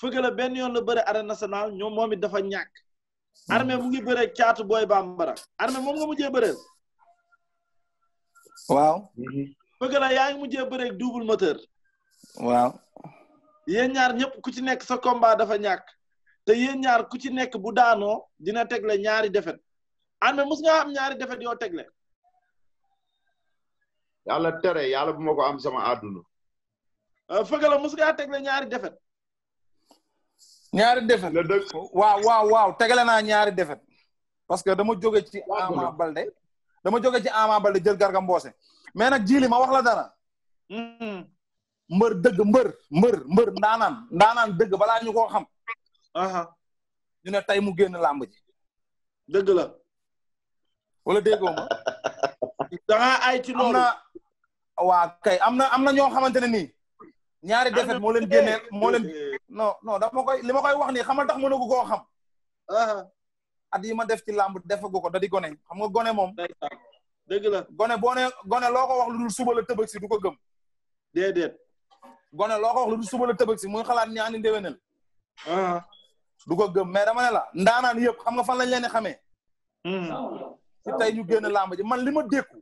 fëgala benn yoon la bëre arène nationale ñoom moom it dafa ñàkk. Hmm. armée mu ngi bëre caatu booy bara armée moom nga mujjee bëreel. waaw. fëgala yaa ngi mujjee bëre double moteur. waaw. yéen ñaar ñëpp ku ci nekk sa combat dafa ñàkk te yéen ñaar ku ci nekk bu daanoo dina tegle ñaari defet armée mus nga am ñaari defet yoo tegle. yàlla tere yàlla bu ma am sama àdduna. Euh, fëgala mus ngaa tegle ñaari defet. ñaari defet la dëgg waaw waaw tegale naa ñaari defet parce que dama jóge ci Ama Balde dama joge ci Ama Balde jël Garga Mbossé mais nag jili ma wax la dara hmm. mbër dëgg mbër mbër mbër ndaanaan ndaanaan dëgg balaa ñu koo xam aha ñu ne tey mu génn làmb ji dëgg la wala déggoo ma ay ci loolu am kay am na am na ñoo xamante ne nii ñaari defet moo leen génnee moo leen non non dama koy li ma koy wax nii xamal tax mënagu koo xam. Uh-huh. at yi ma def ci làmb defagu ko da di gone xam nga gone moom. dëgg la gone boo nee gone loo ko wax lu dul suba la tëbëg si du gëm. déedéet. gone loo ko wax lu dul suba la tëbëg si muy xalaat ñaani ndéwénal. Uh-huh. du ko gëm mais dama ne la ndaanaan yëpp xam nga fan lañ leen di xamee. Hmm. si tey ñu génn làmb ji man li ma dékku.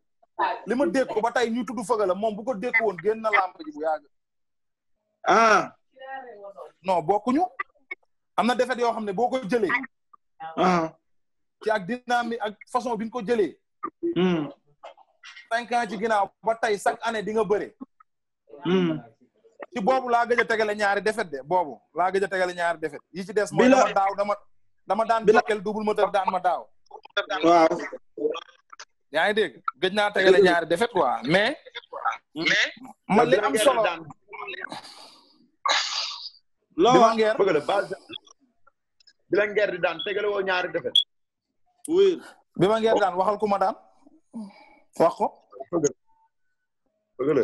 li ma dékku ba tey ñu tudd fëgg la moom bu ko dékku woon génn na làmb ji bu ah. non bokkuñu am na defet yoo xam ne boo koy jëlee. Ah. ci ak dynamique ak façon bi ñu ko jëlee. Hmm. cinq ans ci ginnaaw ba tey chaque année di nga bëre. Hmm. ci boobu laa gëj a tegale ñaari defet de boobu laa gëj a tegale ñaari defet yi ci des. mooy dama daaw dama dama daan jokkeel double moteur daan ma daaw. waaw. yaa ngi dégg gëj naa tegale ñaari defet quoi mais. ma man am solo. looloo ngeer bëgg bi la ngeer di daan tegale woo ñaari defet. oui. bi ma ngeer daan oh. waxal ku daan. wax ko. bëgg la.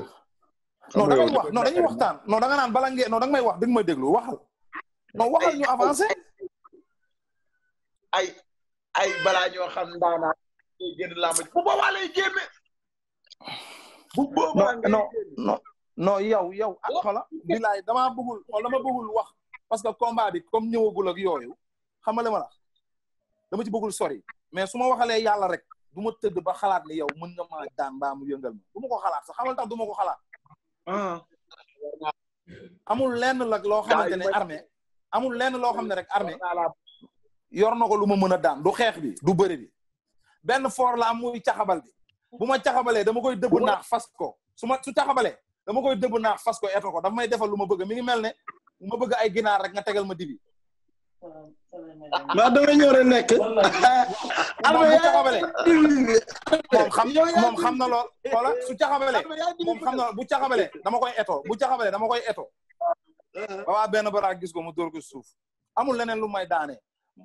non da ngay wax naan bala ngeen non da may wax dëgg may déglu waxal. non waxal ñu avancé. ay ay balaa xam ndaanaa génn laa ma bu boobaa lay génne. bu non yow yow ak ah, xola bilaay damaa bëggul xool dama bëggul wax parce que combat bi comme ñëwagul ak yooyu xamale ma la dama ci bëggul sori mais su ma waxalee yàlla rek du ma tëdd ba xalaat ne yow mën nga maa daan mbaa mu yëngal ma du ma ko xalaat sax xamal tax du ma ko xalaat ah. amul lenn la loo amul lenn loo xam ne rek armée yor na ko lu ma mën a daan du xeex bi du bëri bi benn foor la am muy caxabal bi bu ma caxabalee dama koy dëbb naax fas ko su ma su caxabalee dama koy dëbb naax fas ko eto ko dafa may defal lu ma bëgg mi ngi mel ne ma bëgg ay ginaar rek nga tegal ma dibi. waaw dama ñëw rek nekk. moom xam moom xam na lool. su caxabalee moom xam na bu caxabalee dama koy eto bu caxabalee dama koy eto. Uh-huh. ba waa benn baraag gis ko mu dóor ko suuf amul leneen lu may daane.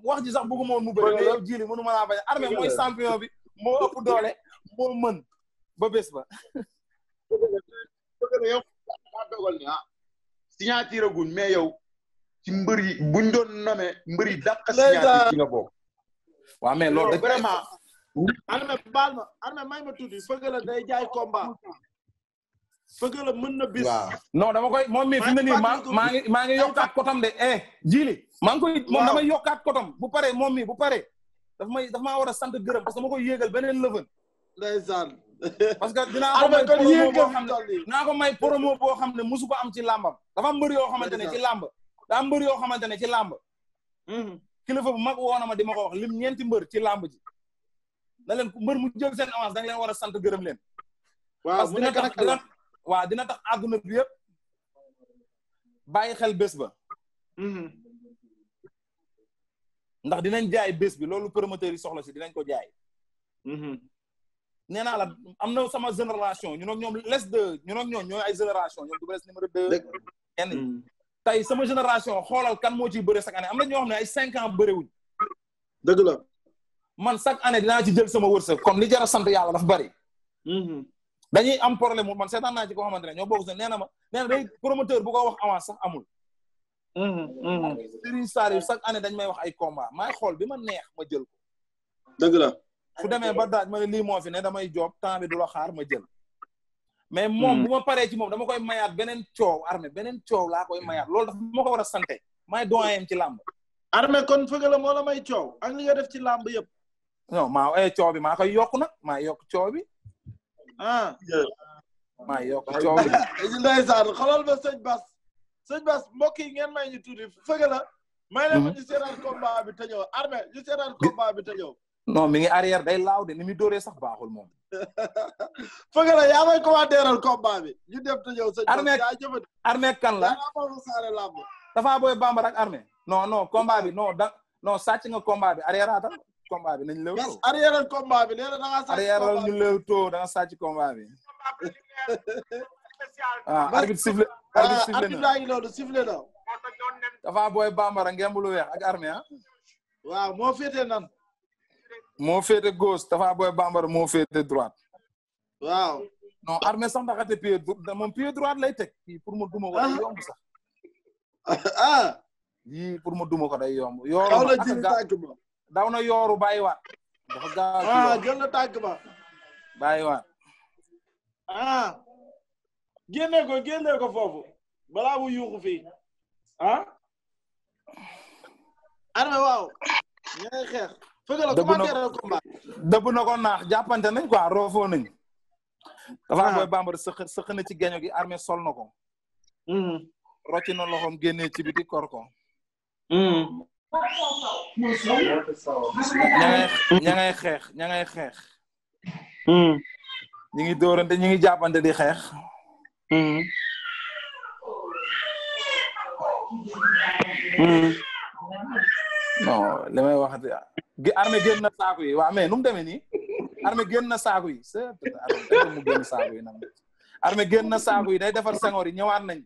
wax ji sax bëgguma woon mu bëri mais yow jili mënu ma laa bañ armée mooy champion bi moo ëpp doole moo mën ba bés ba bëgg na yow daa dogal ni ah yow ci mbër yi buñ doon nommé mbër yi dàq signature ci nga bokk waaw mais loolu vraiment armé baal ma armé may ma tuddi fëgg day jaay combat fëgg la mën na bis non dama koy moom mi fi mu ne maa maa ngi maa ngi yokkaat kotam de eh jili maa koy moom damay yokkaat kotam bu paree moom mi bu paree daf ma daf maa war a sant gërëm parce que dama koy yéegal beneen lëfën parce que dinaa ko may promo boo xam ne dinaa ko may promo boo xam ne musu ko am ci làmbam dafa mbër yoo xamante ne ci làmb daa mbër yoo xamante ne ci làmb kilifa bu mag woona ma di ma ko wax lim ñeenti mbër ci làmb ji na leen mbër mu jël seen avance da nga leen war a sant gërëm leen waaw dina tax waaw dina tax àdduna bi yëpp bàyyi xel bés ba hmm. ndax dinañ jaay bés bi loolu promoteur yi soxla si dinañ ko jaay hmm. nee naa la am na sama génération ñun ak ñoom les deux ñun ak ñoom ñooy ay génération ñoom du les numéro deux kenn hmm. tey sama génération xoolal kan moo ciy bëre chaque année am na ñoo xam ne ay cinq ans bëriwuñ dëgg la man chaque année dinaa ci jël sama wërsëg kon li jara sant yàlla dafa bëri hmm. dañuy am problème mu man seetaan naa ci koo xamante ne ñoo bokk si nee na ma nee na day promoteur bu ko wax avance sax amul hmm, Serigne Sarr yi chaque année dañ may wax ay combat maay xool bi ma neex ma jël ko dëgg la su demee ba daaj ma ne lii moo fi ne damay joob temps du la xaar ma jël. mais moom hmm. bu paree ci moom dama koy mayaat beneen coow armée beneen coow laa koy mayaat loolu dafa moo ko war a sante maay doyen ci làmb. armée kon fëgala moo la may coow li nga def ci làmb yëpp. non maa eh coow bi maa koy yokk nag maa yokk coow bi. ah. maa yokk coow bi. ndeysaan xoolal ba sëñ Bas. mbokk yi ngeen may ñu tuuti fëgala. may leen hmm. ñu seetaan combat bi a ñëw armée no mi ngi arrière day laaw sax baaxul moom. foog nga yaa may commentéeral combat bi ñu kan la dafa booy bambara ak armée non non combat bi non da non sàcc nga combat bi arrière bi nañ lew too arrière combat bi nee na da nga sàcc arrière ñu bi. ah arbitre sifflé arbitre sifflé na arbitre loolu booy bambara ngemb lu weex ak armée ah. waaw moo féetee nan. moo féete gauche Tapha Boy Bambara moo féete droite. waaw. non Armé sax ndaxate pied moom pied droite lay teg. kii pour mu duma ko day ah. yomb sax. ah. yii pour mu duma ko day yomb. yooru daw na yooru bàyyiwaat. dafa gaaw ci ah, yooru na tànk ba. bàyyiwaat. ah. génne ko génne ko foofu. balaa mu yuuxu fii. ah. Armé waaw. ñooy xeex. Feugueleu dëbb na ko naax jàppante nañ quoi roofoo nañ. Ah. sëq na ci geño gi armé sol na ko. Hmm. rocci na loxoom génnee ci biti kor ko. Hmm. ña ngay xeex ña ngay xeex. ñu hmm. ngi dóorante ñu ngi jàppante di xeex. non li may wax gi armée génn na saako yi waaw mais nu mu demee nii armée génn na saako yi c'est mu génn saako yi nag armée génn na saako yi day defar sangoor yi ñëwaat nañ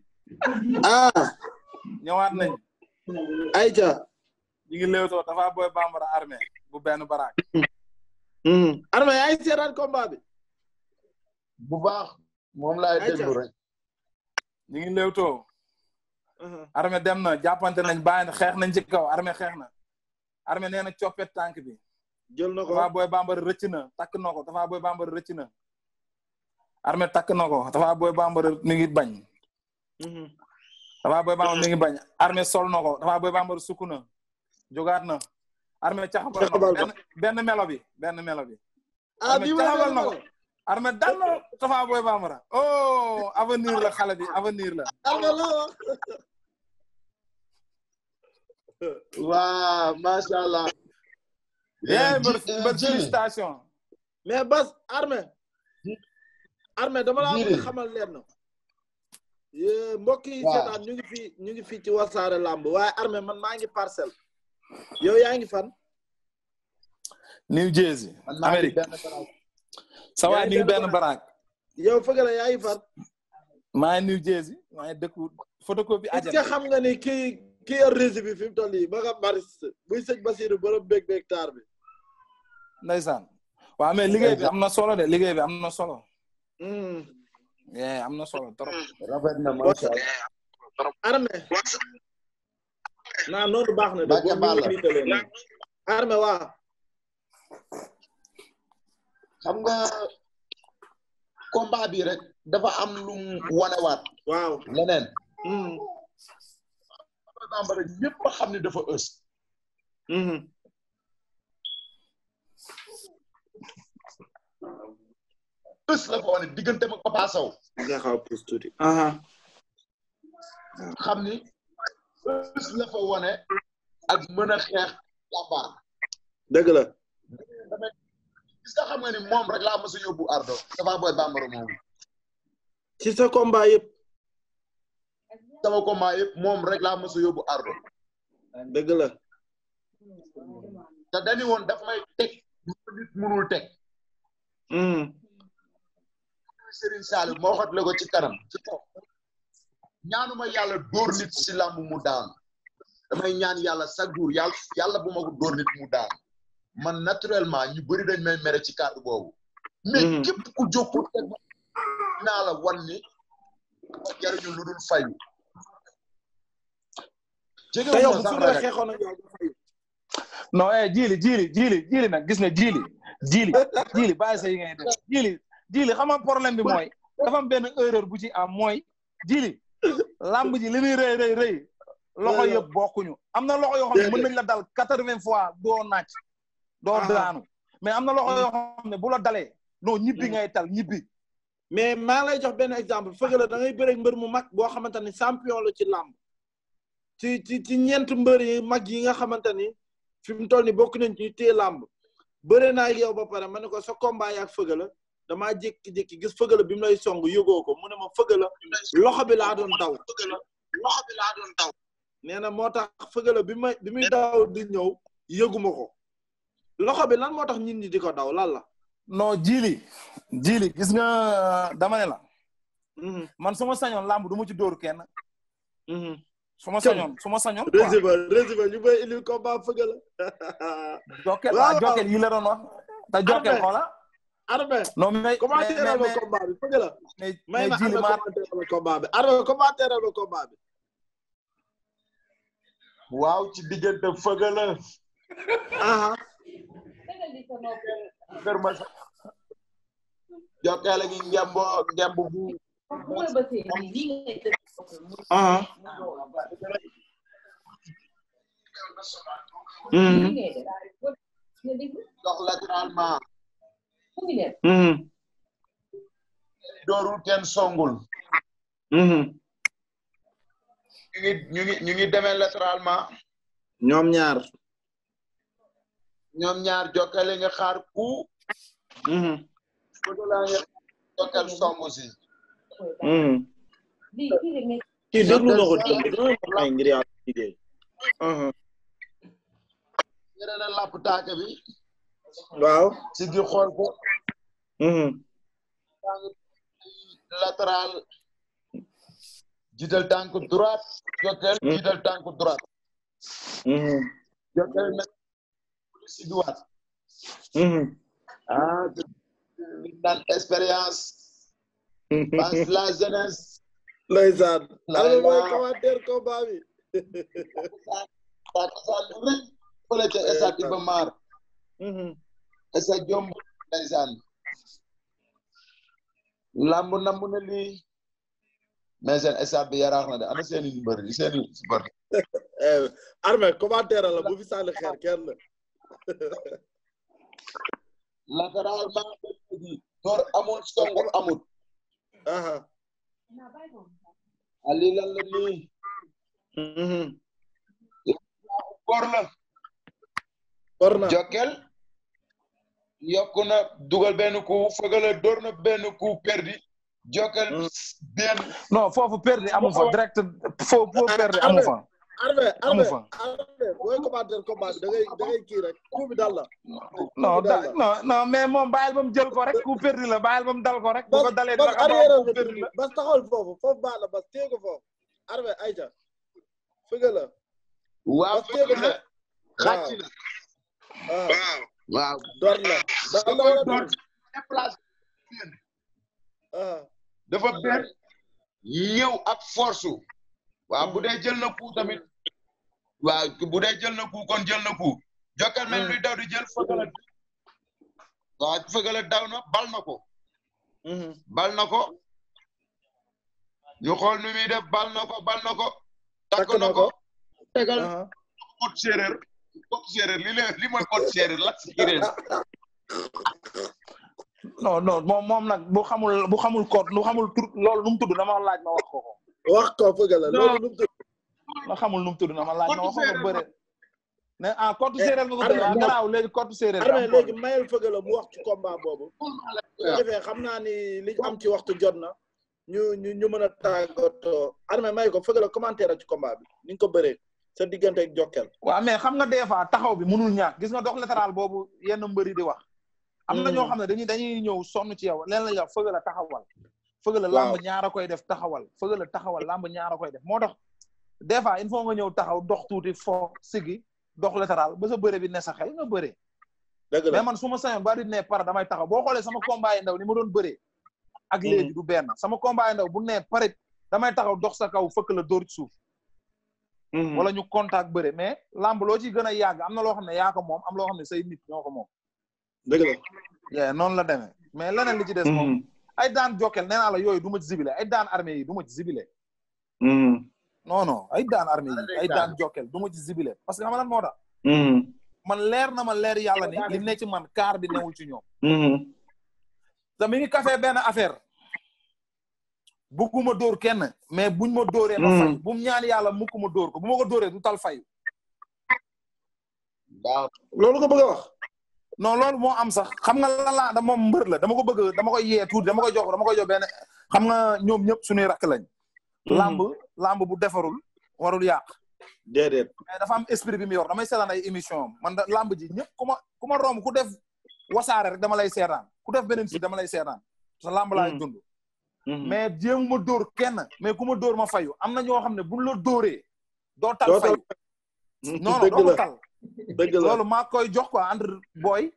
ah ñëwaat nañ ayca ñu ngi léewtoo dafa booy bambara armée bu benn baraak hmm. armée yaay seetaan combat bi bu baax moom laay déglu rek ñu ngi léewtoo uh-huh. armée dem na jàppante nañ bàyyi na xeex nañ ci kaw xeex na armé nee na coppet tànk bi. jël na ko Bambara rëcc takk na ko Tapha Boy Bambara armé takk na ko Tapha Boy Bambara mi bañ. Tapha Bambara mi ngi bañ mhm. armé sol na ko Tapha Boy Bambara sukk na armé caxabal na ko benn benn melo bi benn melo bi. ah bii caxabal armé dal na Bambara oh avenir la xale la. waaw macha allah. Eh, jërëjëf félicitation. mais Bas Armé. Armé dama laa bëgg xamal leen na. Eh, mbokk yi ñu ngi fi ñu ngi fii ci wasaare làmb waaye Armé man maa ngi parcelle. yow yaa ngi fan. New Jersey. Amérique. sa waay ñu ngi benn baraak. yow fëgg fan. maa ngi New Jersey dëkku photocopie. agent est xam nga ni kii. ki yor rési bi fi mu toll nii ba nga mariste buy sëñ Basiru borom beeg beeg taar bi. ndeysaan waaw mais liggéey bi am na solo de liggéey bi am na solo. Hmm. am na solo trop. rafet na macha allah. armé. naa noonu baax na de. baax na armé waaw. xam nga combat bi rek dafa am lu mu wanewaat. waaw leneen. Hmm. bambara ñëpp a xam ne dafa ës mm-hmm. ës la ko wane diggante ma Papa Sow xam ni ës la fa wane ak mën xeex làmbaar dëgg la gis nga xam nga ni moom rek laa mos a yóbbu ardo dafa booy bambara moomu ci sa combat yëpp sama combat yëpp moom rek laa mës a yóbbu ardo dëgg la te dañu woon daf may teg lu ko nit mënul teg hmm. Serigne Saliou moo xot la ko ci kanam ci kaw ñaanuma yàlla dóor nit si làmb mu daanu damay ñaan yàlla chaque jour yàlla yàlla bu ma ko dóor nit mu daanu man naturellement ñu bëri dañ may ci kàddu boobu mais hmm. képp ku jóg ku naa la wan jariñu lu dul fayu jege wu ma sax la rek xeexoon ak yow non eh jiili jiili jiili jiili nag gis nga jiili jiili jiili bàyyi sa yi ngay def jiili jiili xam problème bi mooy dafa am benn erreur bu ci am mooy jiili lamb ji li muy re rëy loxo yëpp bokkuñu am na loxo yoo xam ne mën nañ la dal quatre-vingts fois doo naaj doo ah. daanu mais am na loxo yoo xam ne bu la dalee non ñibbi mm. ngay tal ñibbi mais maa lay jox benn exemple fëgg la da ngay bëre mbër mu mag boo xamante ne champion la ci lamb ci ci ci ñeent mbër yi mag yi nga xamante ni fi mu toll ni bokk nañ ci téye làmb bëre naa ak yow ba pare ma ne ko sa combat yaak fëga la damaa jékki-jékki gis fëga la bi mu lay song yëgoo ko mu ne ma fëga la loxo bi laa doon daw loxo bi laa daw nee na moo tax fëga bi may bi muy daw di ñëw yëguma ko loxo bi lan moo tax nit ñi di ko daw lan la non jili jili gis nga dama la mm-hmm. man sama sañoon làmb du ma ci dóor kenn mm-hmm. su ma sañoon su ma sañoon. résumé résumé ñu bay indil combat fëgg la. Jokal waaw ah, Jokal yi la doon wax. te Jokal xoola. Armé non mais commenté bi fëgg la. bi waaw ci diggante fëgg la. ah. a ngi ngembo ngembo bu. ah. dox latéralement. doorul songul. ñu ngi ñu ngi ñoom ñaar. ñoom ñaar jokkale xaar ku. su ko defee koy kii la nekk. kii déglu na ko déglu na ko bi. waaw si gi xool ko. tànk latéral. jiital tànk droite. jokkeel jiital tànk droite. jokkeel nag expérience. passe la jeunesse. ndeysaan. allo mooy commentaire combat bi. takkusaan lu rëy fële ca stade Iba Mar. stade Jomb ndeysaan. lamb namb na lii. mais seen stade na de ana seen i mbër seen i mbër. Eh, armé commentaire la bu fi sànni xeer kenn. latéralement. door amul songul amul. ali lan la nii mhm. góor la góor na Jokal yokk na dugal benn ku fëgale dóor na benn ku perdi Jokal benn mhm. non foofu perdi amu fa direct foofu foofu perdi amu fa Armé Armé Armé booy commentaire combat bi da ngay da ngay kii rek coup bi dal la. non ko rek ku perdu la bàyyil ba ko rek. bu ko dalee dina ko amal ku perdu la bas bas taxawal foofu foofu baax la bas téye ko foofu. la. waaw fëgg la dafa door na déplacé. Ah. force. waaw bu dee jël tamit. waaw bu dee jël na ku kon jël na ku jokkal mel luy hmm. daw di jël fëgala hmm. daw na bal na ko hmm. bal na ko ñu xool nu muy def bal na ko bal na ko takk na ko tegal pot séeréer pot séeréer li li mooy pot séeréer la séeréer non non moom moom nag bu xamul bu xamul code lu xamul tu lool nu mu tudd dama laaj ma wax ko wax ko fëgala loolu tudd ma xamul nu mu tudd na ma laaj ma waxoon ko bëre ne ah Kottu eh, séeréer nga ko déglu ah garaaw léegi Kottu séeréer. armé léegi mayal fëgg la mu wax ci combat boobu. bu defee xam naa ni li am ci waxtu jot na. ñu ñu ñu mën a tàggatoo armé may ko fëgg la commentaire ci combat bi ni nga ko bëree sa diggante ak Jokal. waaw mais xam nga des fois taxaw bi mënul ñàkk gis nga dox latéral boobu yenn mbëri di wax. am na ñoo hmm. xam ne dañuy dañuy ñëw sonn ci yow leen la yow fëgg la taxawal. waaw fëgg la làmb ñaara koy def taxawal fëgg la taxawal làmb ñaara koy def moo tax des fois il faut ñëw taxaw dox tuuti fo sigi dox latéral ba sa bëre bi ne sa xel nga bëre. dëgg mais man su ma sañoon ba di ne pare damay taxaw boo xoolee sama combat ndaw ni ma doon bëree. ak mm-hmm. léegi du benn sama combat ndaw bu ne pare damay taxaw dox sa kaw fëkk la dóor ci suuf. Mm-hmm. wala ñu contact bëre mais lamb loo ci gën a yàgg am na loo xam ne yaa ko moom am loo xam ne say nit ñoo ko moom. dëgg la. noonu la demee mais leneen li ci des moom. Mm-hmm. ay daan jokkel nee la yooyu du ma ci zibilé ay daan armée yi du ma ci zibilé. non non ay daan armée yi ay daan du ma ci zibile parce que xam lan moo hmm. man leer na ma leer yàlla ni li ne ci man kaar bi newul ci ñoom hmm. te mi ngi café benn affaire bugguma dóor kenn mais buñ ma dóoree ma hmm. fay bu mu ñaan yàlla mukk ma dóor ko bu ma ko dóoree du tal fayu waaw ko bëgg a wax non loolu moo am sax xam nga lan laa da moom mbër la dama ko bëgg dama ko yee dama ko jox dama koy jox benn xam nga ñoom ñëpp suñuy rakk lañ lamb bu defarul warul yàq. déedéet mais dafa am esprit bi mu yor damay seetaan ay émission man da lamb ji ñëpp ku ma ku ma romb ku def wasaare rek dama lay seetaan ku def beneen si dama lay seetaan sa lamb laay mm-hmm. dund. Mm-hmm. mais jéemu ma dóor kenn mais ku ma dóor ma fayu am na ñoo xam ne buñ loo dóoree. doo tal fayu mm-hmm. non doo ko tal. dëgg la loolu maa koy jox quoi entre booy.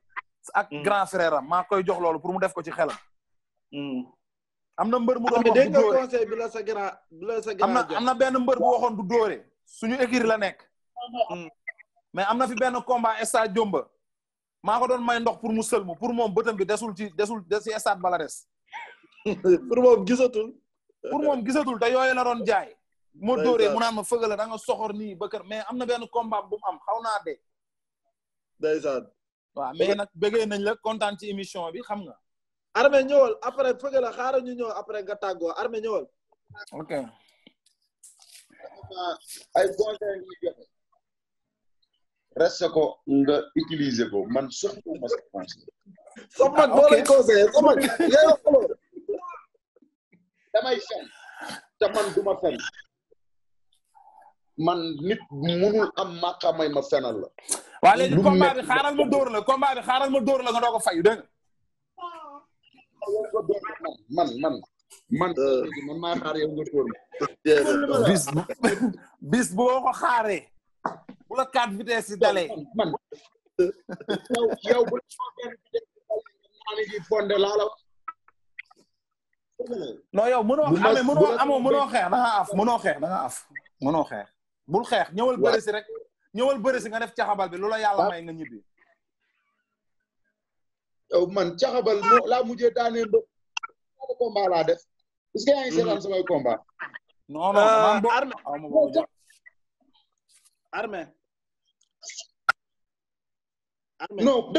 ak grand frère am maa koy jox loolu pour mu def ko ci xelam. am na mbër mu doon wax du dóore bi la sa grand bi na am na benn mbër bu waxoon du dóore suñu écurie la nekk. Hmm. mais am na fi benn combat stade Jomba. maa ko doon may ndox pour mu sëlmu pour moom bëtam bi desul ci desul des ci stade bala des. pour moom gisatul. pour moom gisatul doon jaay. moo dóoree mu naan ma fëgal la da nga soxor nii ba kër mais am na benn combat bu am xaw naa de. ndeysaan. waaw mais nag bëggee nañ la kontaan ci émission bi xam nga. armé ñëwal après fëgg la xaaral ñu ñëw après nga tàggoo armé ñëwal. ok. ay conseils yi nga utiliser ko man soxla ma sa man boo damay fen te man du fen man nit munul am màqamay ma fenal la. waa léegi combat xaaral ma dóor la combat bi xaaral ma dóor la nga doo ko fayu dégg man man man. man maa xaar yow nga ma. bis bu bis boo ko xaaree. bu la quatre vitesses yi dalee. man yow yow bu la fonde laa la. non yow mënoo amee mënoo xeex da nga af mënoo xeex na nga af mënoo xeex. bul xeex ñëwal bëri si rek ñëwal bëri si nga def caxabal bi loola yàlla may nga ñibbi. man caxabal moo laa mujjee daanee mbër ko combat laa def est que yaa ngi mm-hmm. samay combat non non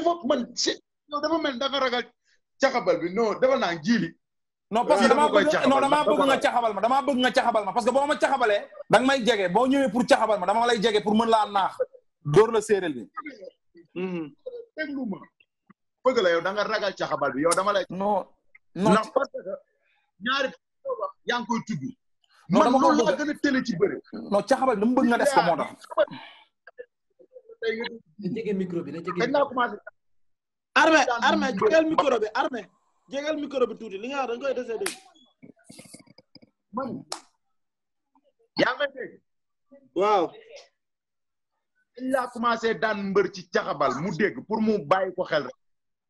euh, man mel dafa ragal caxabal bi non dafa naan jiili non parce que damaa bëgg non damaa bëgg nga caxabal ma damaa bëgg nga caxabal ma parce que boo ma caxabalee da may jege boo ñëwee pour caxabal ma dama lay jege pour mën laa naax dóor la séeréel bi mm-hmm. déglu bëgg a yow da nga ragal caxabal bi yoo dama lay. non non ndax parce que ñaari wax tudd. man loolu laa gën a tële ci caxabal bi dama bëgg nga des ko moo tax. na jege micro bi na bi. armé armé jégal micro bi armé bi tuuti li nga wax da nga koy dese dégg. man. yaa laa commencé daan mbër ci caxabal mu dégg pour mu bàyyi ko xel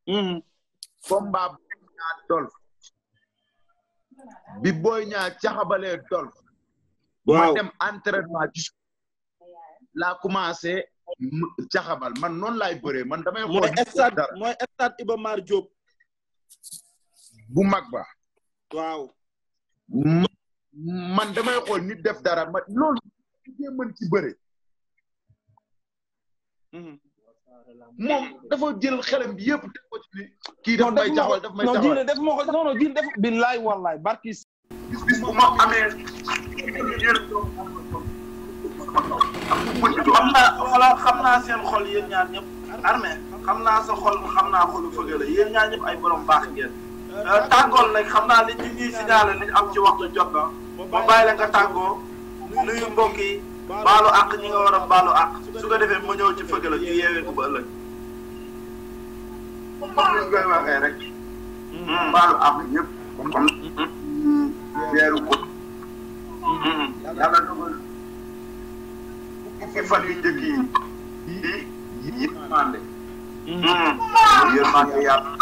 Mm-hmm. combat Boy Niang Dolf bi Boy Niang caxabalee Dolf ma dem entraînement ci laa commencé caxabal man noonu laay bëree man damay mooy stade mooy stade Iba Mar bu mag ba waaw man damay xool nit def dara ma loolu mën ci bëre mm-hmm. moom dafa jël xelam bi yëpp def ko ci kii daf may jaxal daf may jaxal non def moo ko non non jil def billaay wallaay barki bis bu ma amee xam naa wala xam naa seen xol yéen ñaar ñëpp armée xam naa sa xol xam naa xolu fëgg la yéen ñaar ñëpp ay borom baax ngeen euh, tàggool nag xam naa li ñu ñuy signalé liñ am ci waxtu jot na ma nga tàggoo nuyu mbokk yi baalu àq ñi nga war a baalu àq su ko defee ma ñëw ci fëgg la ñu yeewee ko ba ëllëg comme ñu koy waxee rek. baalu àq ñëpp comme weeru ko. yàlla dogal fukki fan yu njëkk yi yi yërmande. yërmande yàlla.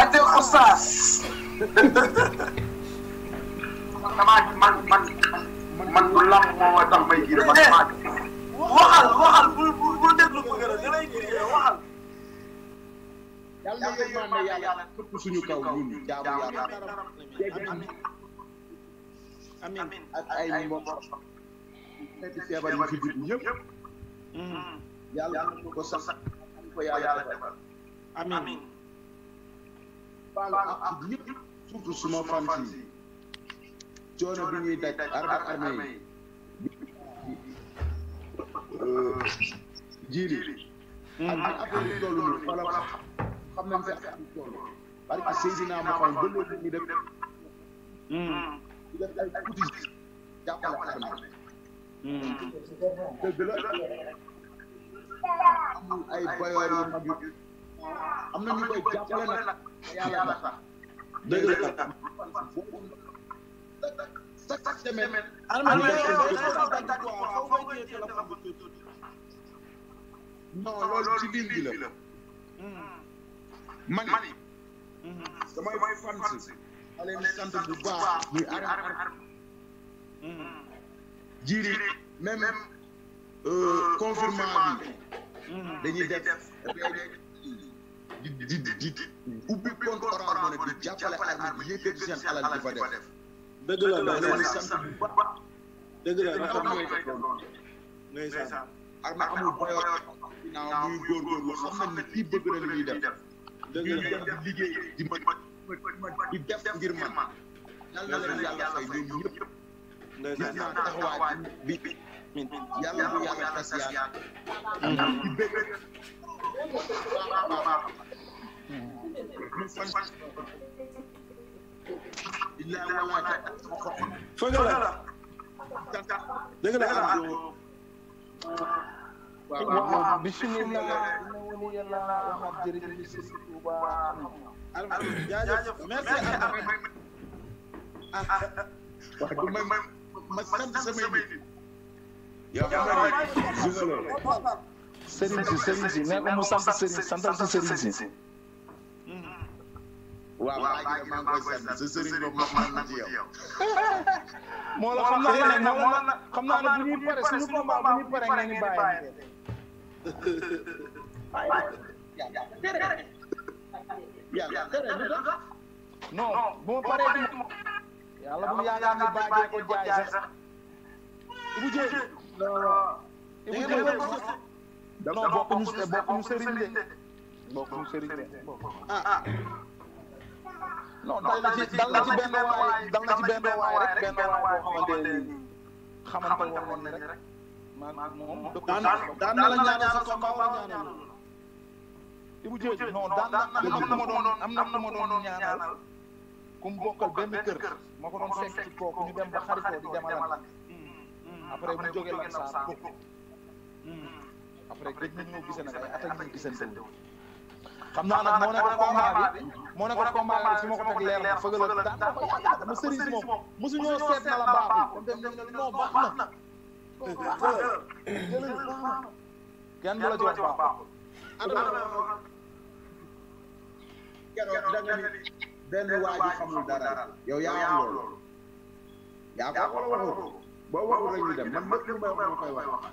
ate oustaz. damaa man man. man du làmb moo tax may giré man maa waxal waxal bu bu bu déglu mu gën a da lay giré waxal. yàlla na yërmande yàlla képp suñu kaw ñun jaamu yàlla amin ak ay mbokk xeeti feebar yi fi dugg yëpp mm. yàlla na ko sax am ko yàlla defal amin baal ak yëpp surtout suma fam si coono bi ñuy daj arba armée yi euh, jiili am na ñu jàppale nag yàlla chaque semaine. non loolu ci biir bi la. man samay fan si. ma leen sant bu def di di di ubbi compte Orange bi jàppale armée bi yëkkati alal di def. dëgg la ngay sant dëgg la nga xam ngay sant ak na amul boyo ginnaaw muy xam ne kii bëgg na li muy def dëgg la liggéey di ma di def ngir man yàlla na leen yàlla foog nga la dëgg la am waaw bismillah dina woni yàlla waxaat jërëjëf si Touba jaajëf merci ah wax du ma ma sant samay nit yow Serigne si Serigne si nee ko mu sant Serigne santal si Serigne si waaw maa ngi maa ngi koy sant ma xam naa ci moo la xam naa ne moo la bu ñuy pare pare nga ma paree du ma. yàlla bu yaakaar ne baajee ko jaay sax. Ibou Dieng. Ibou Dieng. non bokkuñu bokkuñu sëriñ de. bokkuñu sëriñ de. Ah. Ah. non dal na ci dal na ci benn waay dal na ci benn waay rek benn waay boo xamante ni xamante woon nañ rek man moom daan na la ñaanal sa combat wala ñaanal Ibou Dieng non daan na am na ku ma doon am na ku ma doon ñaanal ku mu bokkal benn kër ma ko doon fekk ci kooku ñu dem ba xaritoo di demalante après mu jógee lan saa bokk après gëj nañ ñoo gisee nag ay at ak ñu gisante xam naa nag moo nekk combat bi moo nekk combat bi su ma ko teg leer na fëgal ak dama yàgg ma sëriñ si moom mosu ñoo seet na la baaxul dem dem non baax na jëlal kenn du la ci wax baaxul keroog da nga ni benn waa ji xamul dara yow yaa am loolu yaa ko waxoo boo waxul rek ñu dem man lépp lu may wax ma koy wax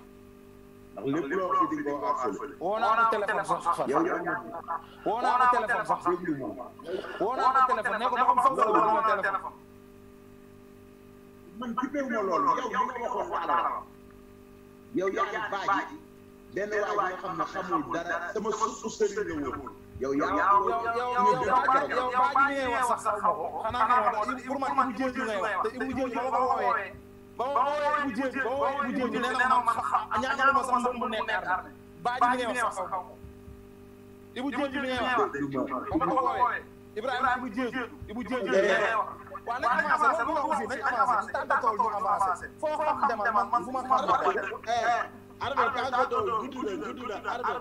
ndax lépp loo xam ne di nga ko harcelé. woo naa ko téléphone sax sax yow yaa ngi woo naa ko téléphone sax déglu moom. woo naa ko téléphone ne ko dafa am soxla wala ma téléphone. man jubbeewu ma loolu yow li nga waxoon waxtaan. yow yaa ngi baaji benn waay bi nga xam ne xamul dara sama su sëriñ la woon. yow yaa yow yow baaji ngay wax sax xanaa nga wax pour man ibu jéeju ngay wax te ibu jéeju ba ma ko woowee ba ma woowee ibu jéeju ba ma woowee ibu jéeju nee na ma xam Ousmane Sonko mu nekk armée Badji mi ngay wax sax xaw ma Ibou Diédhiou mi ngay wax ba ma ko woowee Ibrahima Ibou Diédhiou Ibou Diédhiou mi ngay wax waaw nañ avancé loolu aussi nañ avancé tànta tool ñu avancé foo xam demal man fu ma xam armée tànta tool gudd la gudd la armée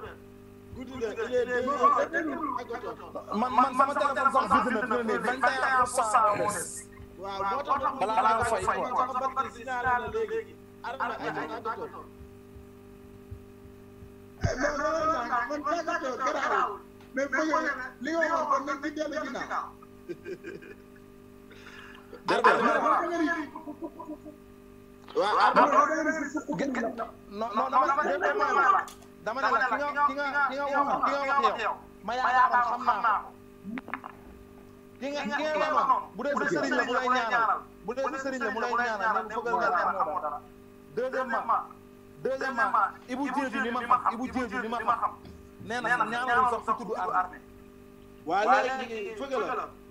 guddi la il est deux heures man man sama téléphone sax guddi na dina ne vingt et un pour cent moo des waaw moo tax balaa laa fay quoi mais loolu laa naan man daa d'accord garaawul mais bëgg li nga waxoon kon nag di dellu ginnaaw. waaw non non dama ne la ki nga ki nga ki nga wax ki nga wax yow ma yaakaar xam naa ko ki nga ki nga wax noonu bu dee si sëriñ la mu lay ñaanal bu dee si sëriñ la mu lay ñaanal ne bu fëgal nga dara deuxièmement deuxièmement Ibou Diédhiou ni ma xam Ibou Diédhiou ma xam nee na ñaanal sax ku tudd armée waaye léegi fëgg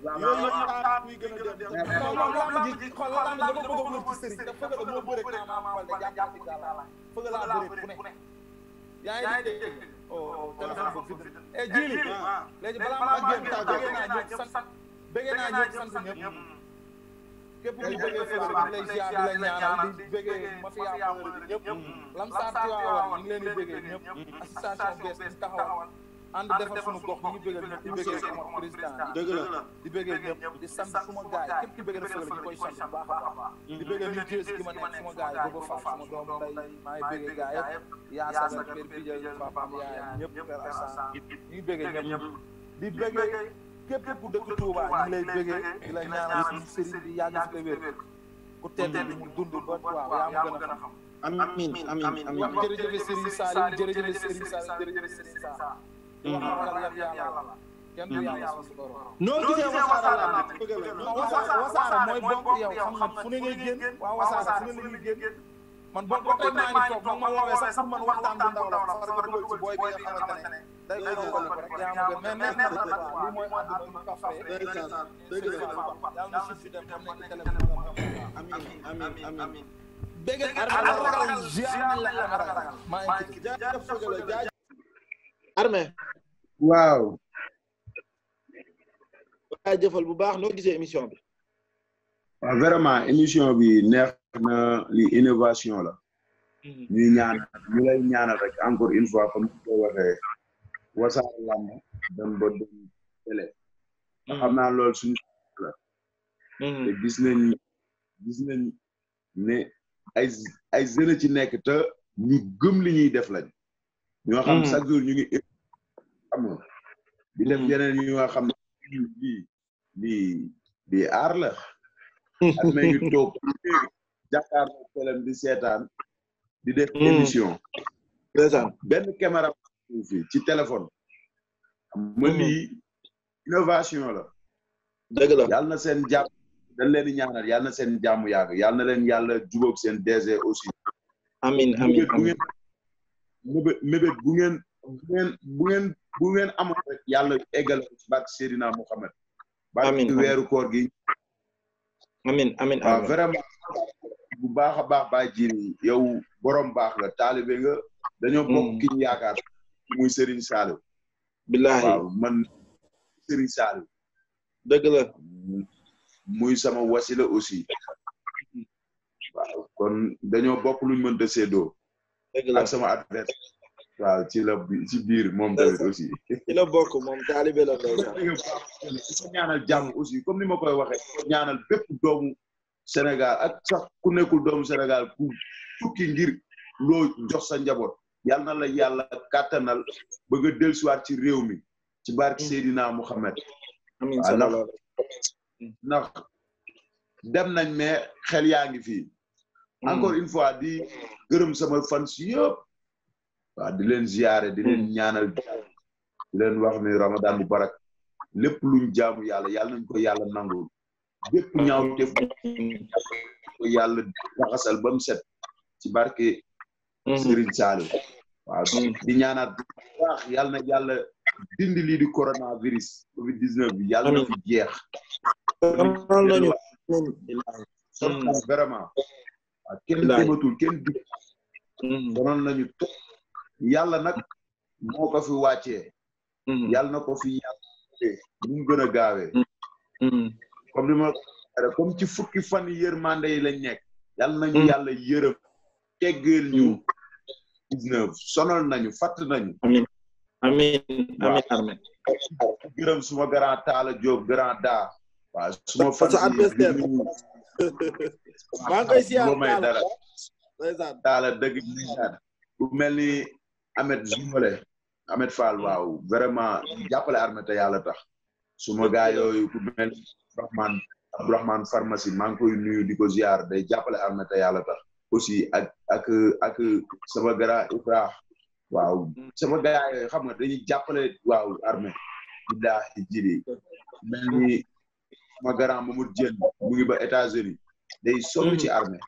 la yooyu yëpp taat muy gën a dem non ji xool lamb ji dafa bëgg a wër ci sëriñ te fëgg la moo bëre Ama Baldé jàpp ci gàllaay fëgg laa bëre ku ne yaa ngi dégg oh, oh téléphone ba fit eh jili eh, léegi balaa maa génn tàggoo bëgg naa ñëpp sant bëgg naa ñëpp sant mm. képp ku bëggee fële bi lay ziar di la ñaanal di bëggee mafia mbër bi ñëpp mm. lamsaar Tiwaawan ñu ngi leen di bëggee ñëpp association bees bi taxawal ànd defar sunu gox ñu bëggee ñëpp di bëggee sama président dëgg la di bëggee ñëpp di sant suma gaay képp ki bëggee fële bi ñu koy sant bu baax a baax di mm. bëggee ñu jël gi ma nekk suma gaay booba faaf suma doomu nday maa ngi bëggee gaay yëpp yaa sagal père bijël papam yaayam ñëpp père Assane ñu ngi bëggee ñëpp di bëggee képp ku dëkk Touba ñu ngi lay jógee di la ñaanal sëriñ bi yàgg fi la wér ku tedd bi mu dund ba waaw yaa ma gën a xam amiin amiin amiin jërëjëf sëriñ Saliou jërëjëf sëriñ Saliou jërëjëf sëriñ Saliou wax na yàlla la kenn du yàlla suñu borom noo gisee wasaare la wasaare wasaare mooy bokk yow xam nga fu ne ngay génn waa wasaare fu ne la ñuy génn man bokk tey maa ngi toog ma woowee sax man waxtaan bu ndaw la far nga dugal ci booy bi nga xamante ne day day ko ko rek bu baax noo gisee émission bi vraiment émission bi neex na innovation la ñuy ñaanal rek encore une fois comme ko waxee wasaare làmb dem ba dem télé te xam mm. naa loolu suñu la mm. te gis nañ gis nañ ay ay jeunes ci nekk te ñu gëm li ñuy def lañ ñoo xam mm. chaque jour ñu ngi xam nga di def yeneen ñu nga xam ne lii lii lii aar la ak ma ñu di seetaan di def émission benn caméra fii ci téléphone. mën mm-hmm. innovation la. dëgg la yàlla na seen jàmm dañ leen di ñaanal yàlla na seen jàmm yàgg yàlla na leen yàlla jubóog seen DG aussi. amiin amiin amiin mébét bu ngeen bu ngeen bu ngeen bu ngeen amoon rek yàlla eggal ci barke Seydina Mohamed. weeru koor gi. amiin amiin waaw vraiment. bu baax a baax baa jiiri yow borom baax la taalibe nga. dañoo bokk mm-hmm. ki ñu muy Serigne Saliou. billahi man Serigne Saliou. dëgg la. muy sama wasila aussi. kon dañoo bokk luñ mënta séddoo. dëgg la sama adresse. waaw ci la ci biir moom tamit aussi. ci la bokk moom taalibe la comme ni ma koy waxee ñaanal bépp doomu Sénégal ak sax ku nekkul doomu Sénégal ku tukki ngir loo jox sa njaboot. yal na la yàlla kattanal bëgg a dellusiwaat ci réew mi ci barke Seydina Mouhamed. amiin ndax ndax dem nañ mais xel yaa ngi fii. Hmm. encore une fois di gërëm sama fans yëpp. waaw di leen ziyaare di len hmm. ñaanal di leen wax ni Ramadan bu barak lépp luñ jaamu yàlla yàlla nañ ko yàlla nangul bépp ñaaw te ko yàlla jaxasal ba set ci barke. Serigne Saliou waaw mm. di ñaanaat baax yàlla na yàlla dindi lii di coronavirus covid 19 bi yàlla na fi jeex nañu kenn dematul kenn du mm. donoon nañu to yàlla nag moo ko fi wàccee mm. yàlla na ko fi yàlla nu mu gën a gaawee comme ci fukki fan yërmande yi lañ nekk yàlla nañu yàlla yërëm teggal ñu dix sonal nañu fàtt nañu amiin amiin amiin Armé gërëm suma grand Talla Diop grand da waaw suma fan maa ngi koy may dara Talla dëgg bu mel ni Ahmed Zoumale Ahmed Fall waaw vraiment jàppale Armé te a tax suma gaa yooyu ku mel ni pharmacie maa nuyu di ko ziar day jàppale Armé te yàlla aussi ak ak sama gara Ibra waaw sama gara yooyu xam nga dañuy jàppale waaw armée billaahi jiri mel ni sama gara Mamadou Dieng mu ngi ba États-Unis day sonn ci mm. armée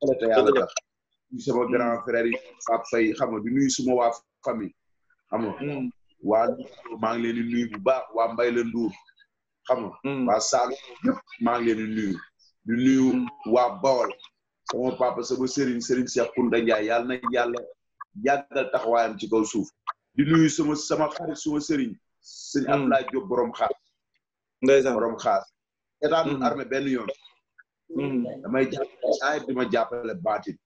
xale te yàlla tax sama mm. grand frère yi Pape Faye xam nga di suma waa famille xam nga mm. waa maa ngi leen di nuyu bu baax waa mbay la nduur xam nga maa ngi leen di nuyu Bawol sama papa sama Serigne Serigne Cheikh Kounda Ndiaye yàlla na yàlla yàggal ci kaw suuf di nuyu sama sama xarit suma Serigne. sëñ hmm. Abdoulaye Diop borom xaas. ndeysaan borom xaas. état nu hmm. benn yoon. Hmm. damay jàppale saa yëpp di ma jàppale baatin.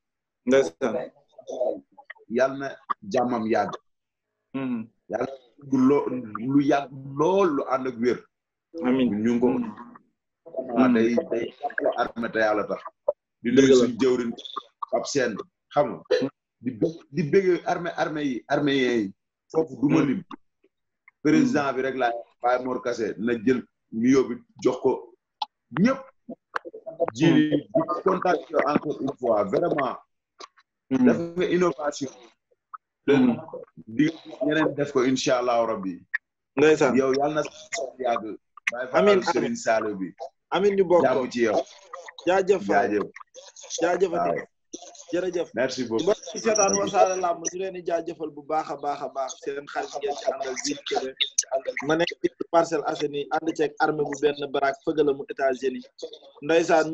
ndeysaan. yàlla na jàmmam yàgg. yàlla lu yàgg lool lu ànd ak wér. amiin ñu ngi ko. day day armée di nuyu suñu jëwriñ ab seen di di bëgg armée armée yi du ma président bi rek laa Baye Mor Kassé na jël ñu yóbbu jox ko ñëpp ji di contact encore une fois vraiment hmm. def nga innovation hmm. di ñeneen def ko incha allahu rabbi yow yàlla na sa bi amin ñu bokk jàmm ci yow jaajëf jaajëf jaajëfati jërëjëf merci beaucoup mbokk yi seetaan Wassare Lamb leen di jaajëfal bu baax a baax a baax seen xarit ngeen ma nekk ci Parcelles Assainies ànd ceeg armée bu benn baraak fëgala mu États-Unis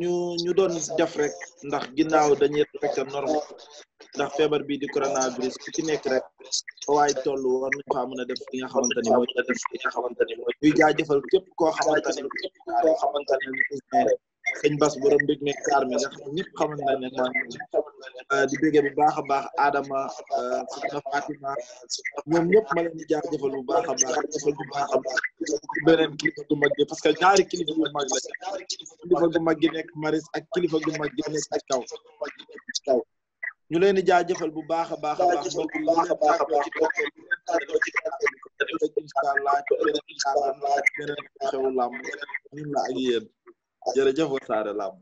ñu ñu doon def rek ndax ginnaaw dañuy respecté norme ndax feebar bii di coronavirus ku ci nekk rek waay toll war nañ faa mën a def li nga xamante ni mooy def li nga xamante ni mooy ñuy jaajëfal képp koo xamante ni képp koo xamante sëñ Bas borom dëgg kaar mi nga xam ñëpp xamal na ne euh, di bëgge bu baax a baax Adama euh, soxna Fatima ñoom ñëpp ma leen di jaajëfal bu baax a baax beneen kilifa gu mag gi parce que ñaari kilifa gu mag gi nekk Maris ak kilifa gu mag gi nekk ci kaw ñu leen di jaajëfal bu baax a baax a bu baax baax baax incha allah ci beneen xewu làmb ñun la ak jërëjëf Wassare lam